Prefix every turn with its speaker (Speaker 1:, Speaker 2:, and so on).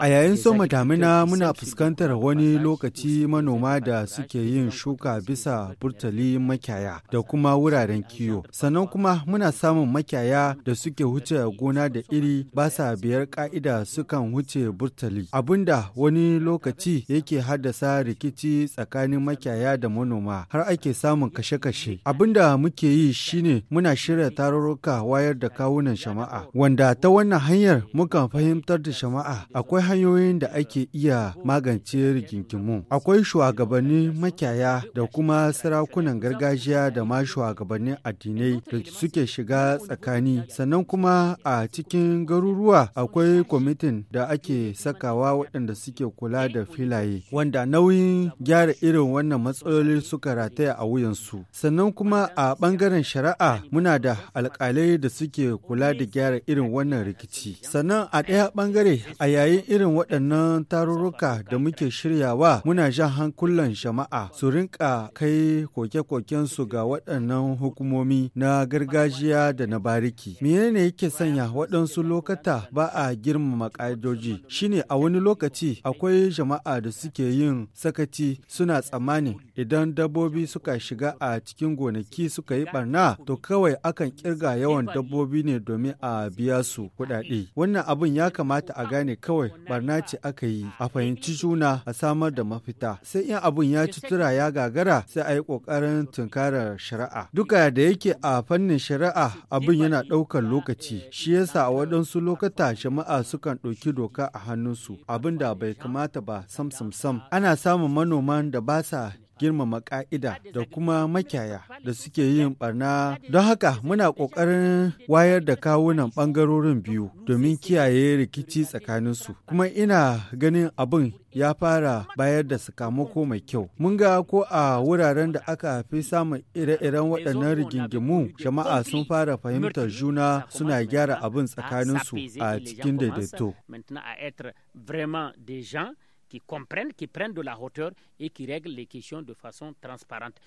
Speaker 1: A yayin soma damina muna fuskantar wani lokaci manoma da suke yin shuka bisa burtali makyaya da kuma wuraren kiyo. Sannan kuma muna samun makyaya da suke wuce gona da iri ba sa biyar ka'ida sukan wuce burtali. Abinda wani lokaci yake haddasa rikici tsakanin makyaya da manoma har ake samun kashe-kashe. Abinda muke yi shine muna shirya tarurruka wayar da kawunan shama'a wanda ta wannan hanya hanyar muka fahimtar da shama'a akwai hanyoyin da ake iya magance rigingimu. Akwai shugabanni makyaya da kuma sarakunan gargajiya da ma shugabannin addinai da suke shiga tsakani. Sannan kuma a cikin garuruwa akwai kwamitin da ake sakawa waɗanda suke kula da filaye wanda nauyin gyara irin wannan matsaloli suka rataya a wuyansu. Sannan kuma a ɓangaren shari'a muna da alƙalai da suke kula da gyara irin wannan rikici. Sannan a ɗaya ɓangare a yayin irin waɗannan tarurruka da muke shiryawa muna jan hankulan jama'a su rinka kai koke-kokensu ga waɗannan hukumomi na gargajiya da na bariki. Menene yake sanya waɗansu lokata ba a girmama ƙa'idoji? Shine a wani lokaci akwai jama'a da suke yin sakati suna tsammani idan dabbobi suka shiga a cikin gonaki suka yi barna to kawai akan kirga yawan dabbobi ne domin a biya su kuɗaɗe. wannan abin ya kamata a gane kawai barna ce aka yi a fahimci juna a samar da mafita sai in abin ya ci tura ya gagara sai a yi ƙoƙarin tunkarar shari'a duka da yake a fannin shari'a abin yana ɗaukar lokaci shi yasa a waɗansu lokata jama'a sukan ɗauki doka a hannunsu abin da bai kamata ba sam sam sam ana samun manoman da ba sa girmama ƙa'ida da kuma makyaya da suke yin barna don haka muna ƙoƙarin wayar da kawunan ɓangarorin biyu domin kiyaye rikici tsakaninsu kuma ina ganin abin ya fara bayar da sakamako mai kyau mun ga ko a wuraren da aka fi samun ire-iren waɗannan rigingimu jama'a sun fara fahimtar juna suna gyara abin tsakaninsu a cikin daidaito qui comprennent, qui prennent de la hauteur et qui règlent les questions de façon transparente.